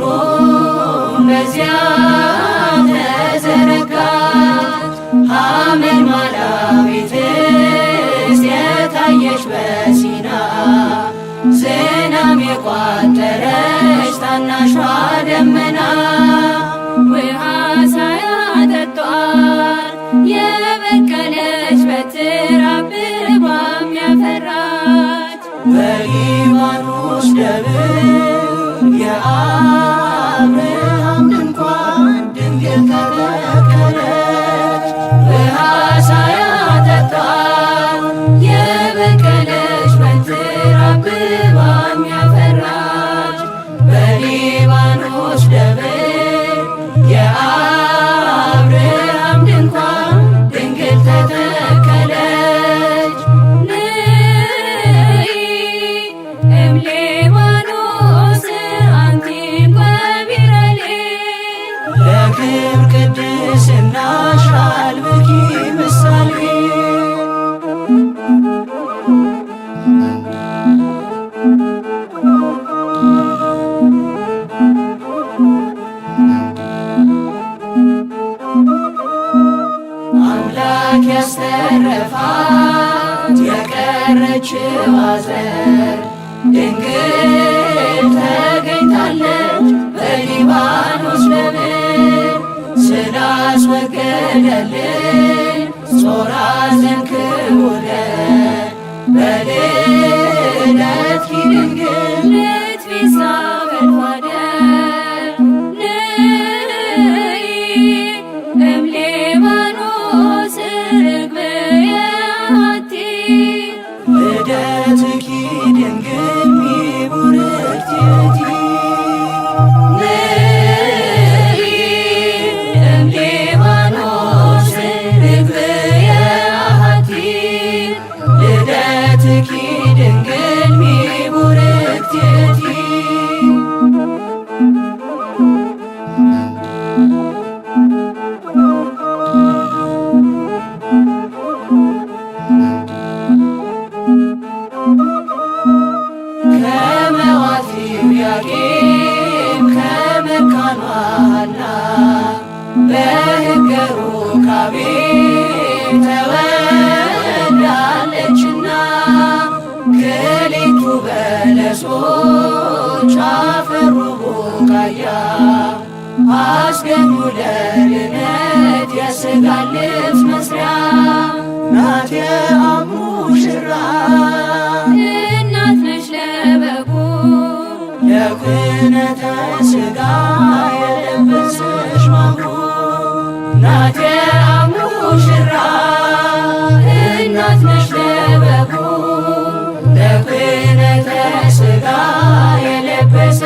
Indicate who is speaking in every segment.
Speaker 1: ክብሩም በዚያ ተዘረጋ። ሐመልማላዊትስ የታየች በሲና ዝናም የቋጠረች ታናሿ ደመና walking again. ለህገሩ ካቢ ተወዳለችና ክሊቱ በለሶች አፈሩ ቡቃያ አስገኙ ለድነት የሥጋ ልብስ መስሪያ ናት የአሙ ሽራ
Speaker 2: እናት ነሽ ለበጉ
Speaker 1: ለኩነተ ሥጋ የለበስ ሙሽራ
Speaker 2: እናት ነሽ ለበጉ
Speaker 1: የለበሰ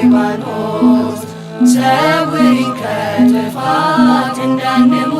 Speaker 1: ሊባኖስ ሰውሪን ከጥፋት እንዳንሞ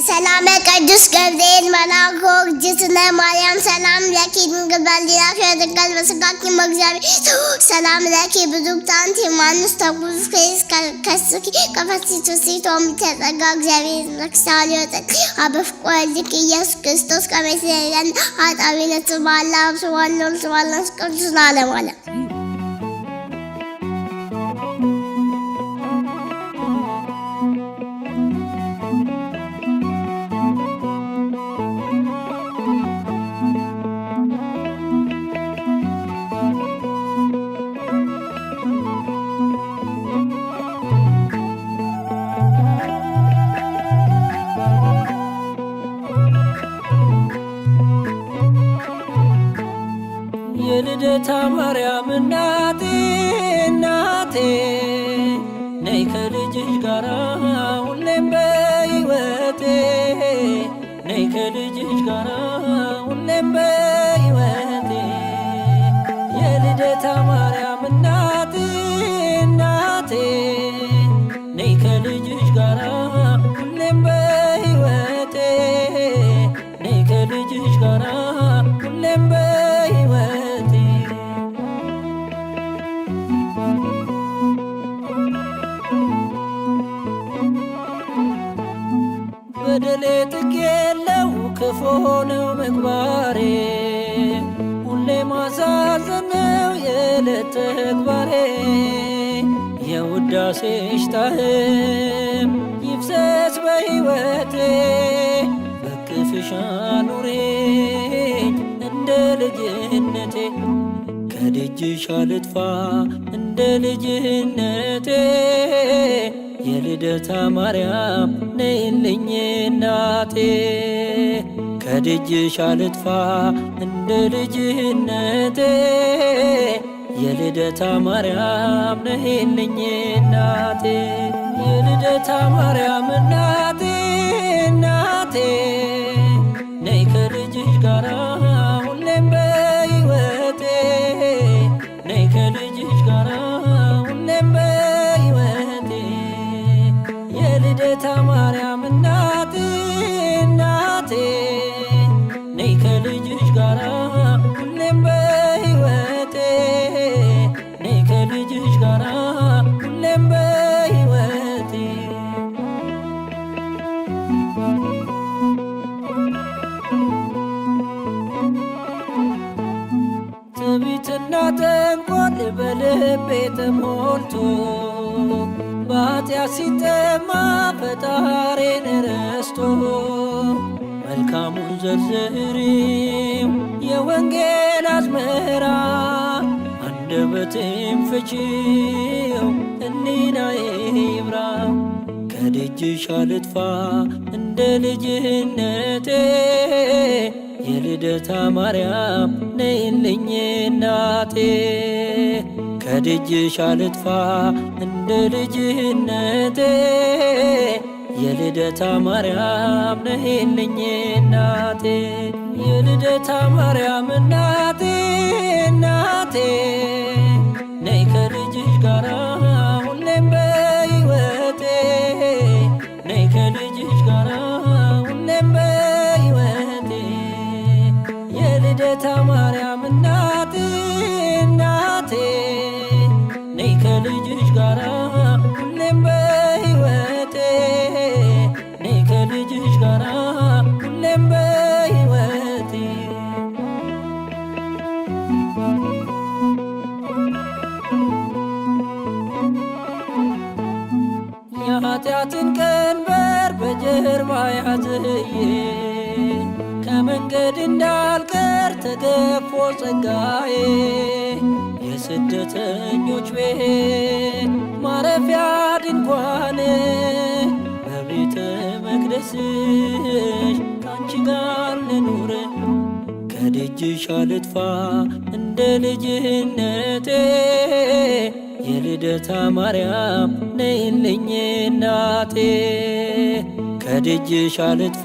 Speaker 2: በሰላመ ቅዱስ ገብርኤል መልአክ እግዝእትነ ማርያም ሰላም ለኪ ድንግል በኅሊናኪ ወድንግል በሥጋኪ ወእግዚአብሔር ሰላም ለኪ ብሩክት አንቲ እማኑስ ተጉዙ ከስኪ ከፈሲቱ ሲቶም ተጸጋ እግዚአብሔር ረክሳል ወጠቅ አበፍቆ ልክ ኢየሱስ ክርስቶስ ከመት ኃጢአት ባላ ስባለ ስባለ ቅዱስ ለዓለሙ ዓለም
Speaker 1: እታ ማርያም ተግባሬ የውዳሴሽ ጣዕም ይፍሰስ በሕይወቴ በክፍሻ ኑሬኝ እንደ ልጅነቴ ከደጅሽ አልጥፋ እንደ ልጅነቴ የልደታ ማርያም ነይልኝ እናቴ ከደጅሽ አልጥፋ እንደ ልጅነቴ የልደታ ማርያም ነይልኝ እናቴ የልደታ ማርያም እናቴ እናቴ አትመችው እኔናዬ ይብራ ከደጅሽ አልጥፋ እንደ ልጅነቴ የልደታ ማርያም ነይልኝ እናቴ ከደጅሽ አልጥፋ እንደ ልጅነቴ የልደታ ማርያም ነይልኝ እናቴ የልደታ ማርያም እናቴ እናቴ got to የፍርሃትን ቀንበር በጀርባ ያዘየኝ ከመንገድ እንዳልቀር ተገፎ ጸጋዬ የስደተኞች ቤት ማረፊያ ድንኳን በቤተ መቅደስሽ ካንቺ ጋር ልኑር ከደጅሽ አልጥፋ እንደ ልጅነቴ ልደታ ማርያም ነይልኝ እናቴ ከደጅሽ አልጥፋ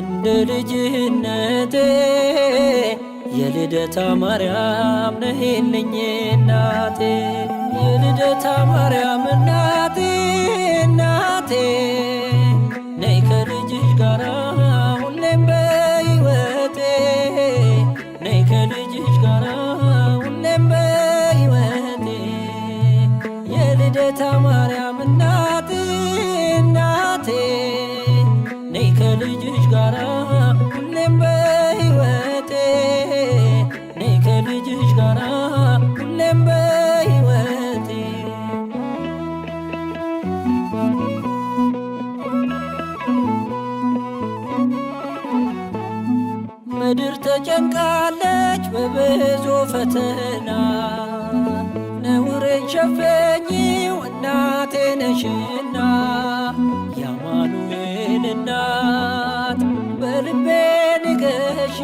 Speaker 1: እንደ ልጅነቴ የልደታ ማርያም ነይልኝ እናቴ የልደታ ማርያም እናቴ ፈተና ነውሬን ሸፈኝው እናቴ ነሽና ያማኑኤል እናት በልቤ ንገሺ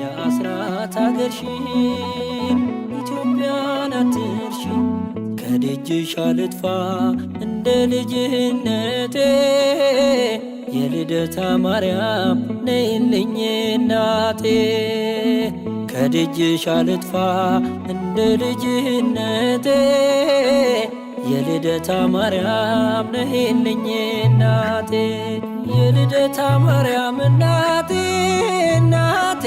Speaker 1: የአስራት አገርሽን ኢትዮጵያን አትርሺ ከደጅሽ አልጥፋ እንደ ልጅነቴ የልደታ ማርያም ነይልኝ እናቴ ከደጅሽ አልጥፋ እንደ ልጅነቴ የልደታ ማርያም ነይልኝ እናቴ የልደታ ማርያም እናቴ እናቴ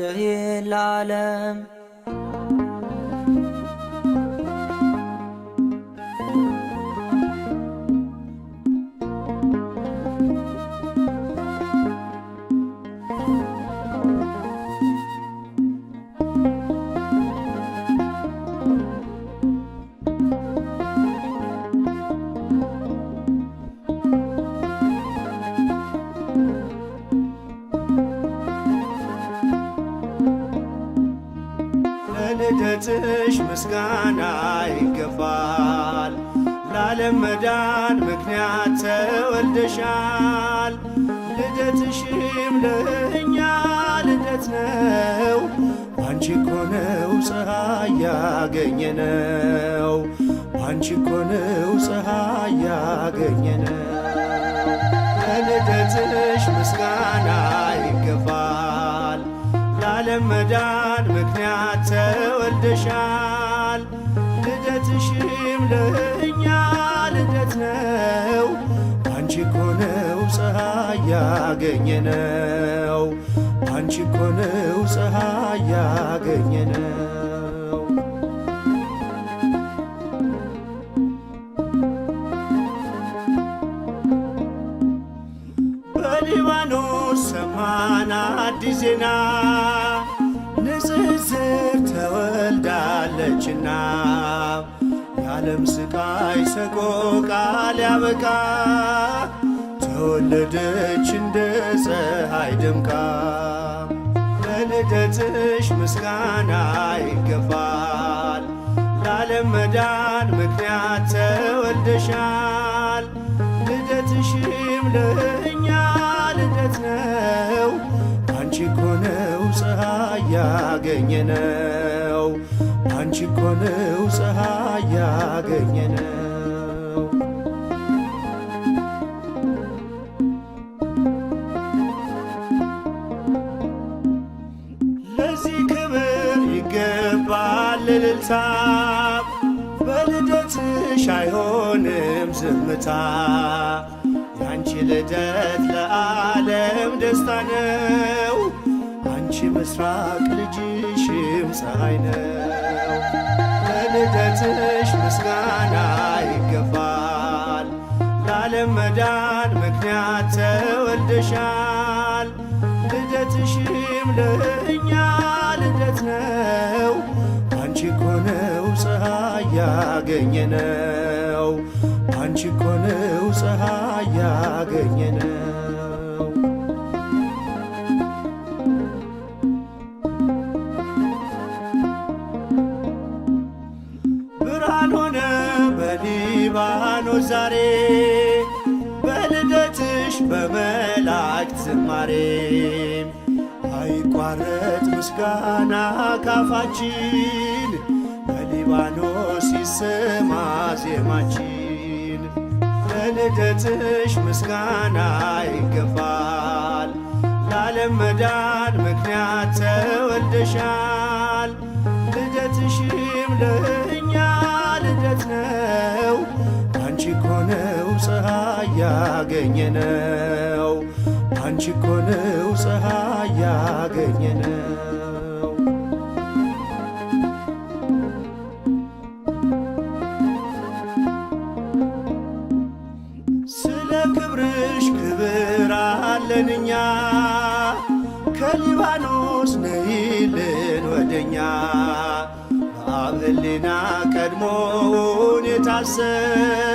Speaker 1: ፈቃድህ ለዓለም ያገኘነው ባንቺ እኮ ነው ፀሐይ ያገኘነው። ለልደትሽ ምስጋና ይገባል። ለዓለም መዳን ምክንያት ተወልደሻል። ልደትሽም ለእኛ ልደት ነው። ባንቺ እኮ ነው ፀሐይ ያገኘነው ባንቺ እኮ ነው ፀሐይ ያገኘነው ኪዳን አዲስ ዜና ንጽጽር ተወልዳለችና የዓለም ስቃይ ሰቆቃ ሊያበቃ ተወለደች እንደ ፀሐይ ደምቃ ለልደትሽ ምስጋና ይገባል። ለዓለም መዳን ምክንያት ተወልደሻል ልደትሽም ያገኘነው አንቺ እኮ ነው ፀሐይ ያገኘነው። ለዚህ ክብር ይገባል እልልታ፣ በልደትሽ አይሆንም ዝምታ። የአንቺ ልደት ለዓለም ደስታ ነው። አንቺ ምስራቅ ልጅ ፀሐይ ነው። ለልደትሽ ምስጋና ይገባል። ለዓለም መዳን ምክንያት ተወልደሻል። ልደትሽም ለእኛ ልደት ነው። አንቺ እኮ ነው ፀሐይ ያገኘነው። አንቺ እኮ ነው ፀሐይ ያገኘነው አንቺ እኮ ፀሐይ ያገኘነው ዛሬ በልደትሽ በመላእክት ዝማሬ አይቋረጥ ምስጋና ካፋችን በሊባኖስ ይሰማ ዜማችን። ለልደትሽ ምስጋና ይገባል፣ ለዓለም መዳን ምክንያት ተወልደሻል። ያገኘነው አንቺ እኮ ነው ፀሐይ ያገኘነው። ስለ ክብርሽ ክብር አለንኛ ከሊባኖስ ነይልን ወደኛ በአብ ሕሊና ቀድሞውን የታሰብ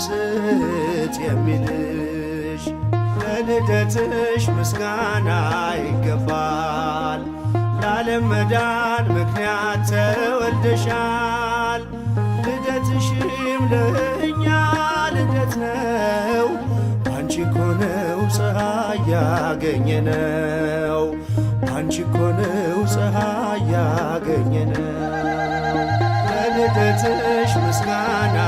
Speaker 1: ብስጥ የሚልሽ ለልደትሽ ምስጋና ይገባል። ለዓለም መዳን ምክንያት ተወልደሻል። ልደትሽም ለእኛ ልደት ነው። አንቺ ኮነው ፀሐይ ያገኘነው አንቺ ኮነው ፀሐይ ያገኘነው ለልደትሽ ምስጋና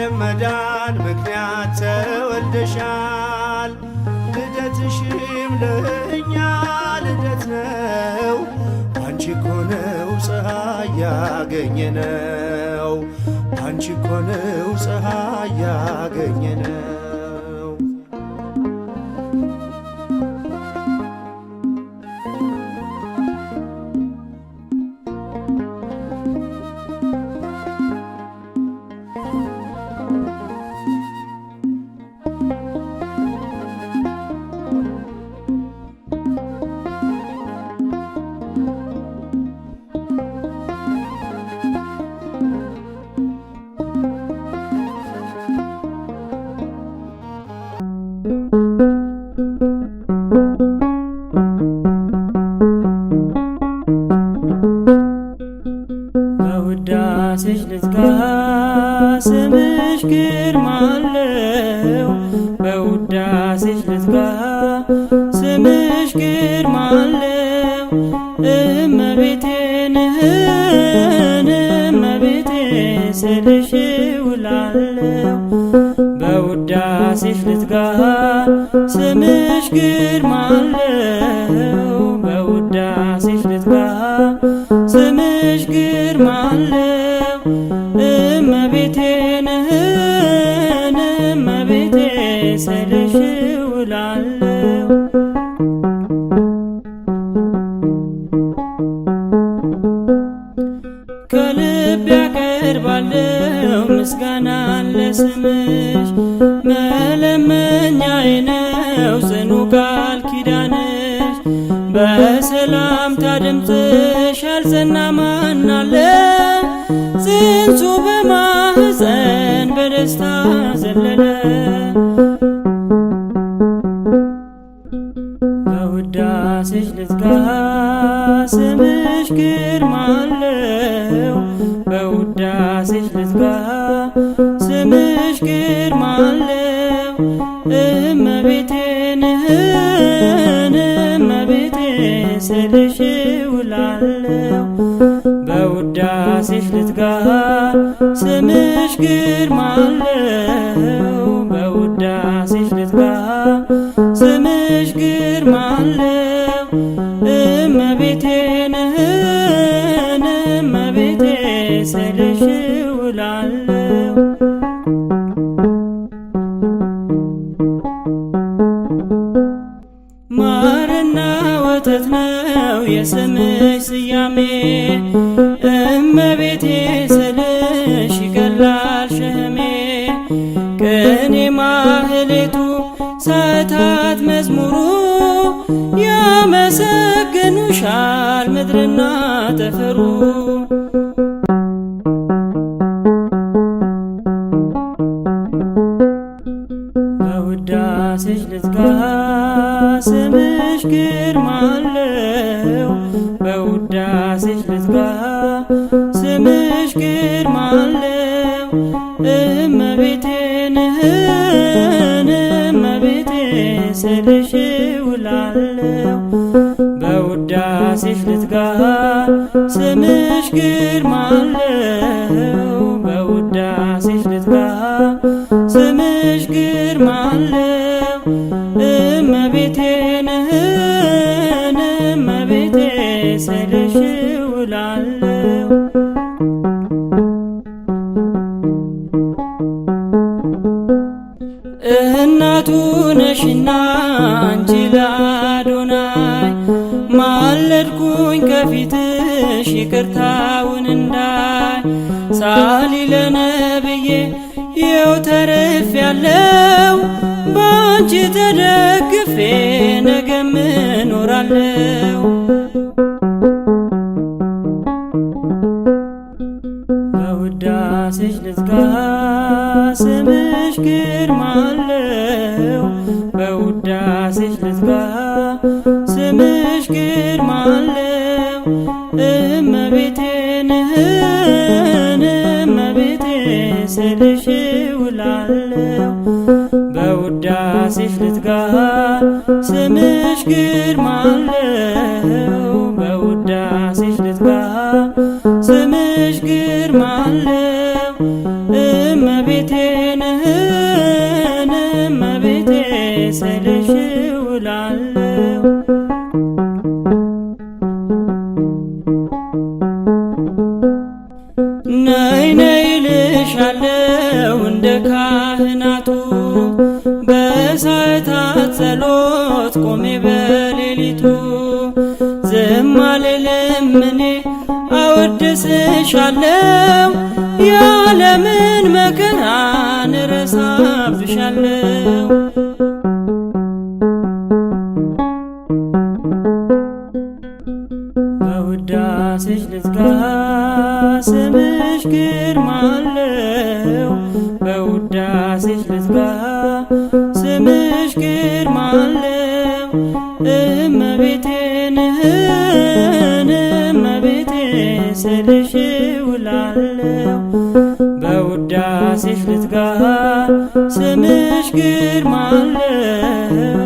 Speaker 1: የዓለም መዳን ምክንያት ተወልደሻል። ልደትሽም ለእኛ ልደት ነው። አንቺ እኮ ነው ፀሐይ ያገኘነው። አንቺ እኮ ነው ፀሐይ ያገኘነው ስምሽ ግርማ አለው ውበትሽ ግርማ አለው በውዳሴሽ ልትጋ ስምሽ ግርማ አለው እመቤቴ ንህን እመቤቴ ስልሽ ውላለው በውዳሴሽ ልትጋ ስምሽ ግርማ የስምሽ ስያሜ እመቤቴ ስልሽ ይቀላል ሸህሜ ቅኔ ማህሌቱ ሰዓታት መዝሙሩ ያመሰግኑሻል ምድርና ጠፈሩ። በውዳሴሽ ልትጋ ስምሽ ግርማ ግርማ አለው በውዳሴሽ ስምሽ ግርማ አለው እመቤቴ ነህን እመቤቴ ስልሽ ይቅርታውን እንዳይ ሳሊ ለነብዬ ይኸው ተርፍ ያለው ባንቺ ተደግፌ ነገ ምኖራለው ስልሽ ውላለው በውዳሴሽ ልትጋ ስምሽ ግርማለው ራስሽ ልዝጋ ስምሽ ግርማ አለው በውዳሴሽ ልዝጋ ስምሽ ግርማ አለው እመቤቴ ስልሽ ውላለው በውዳሴሽ ልዝጋ ስምሽ ግርማ አለው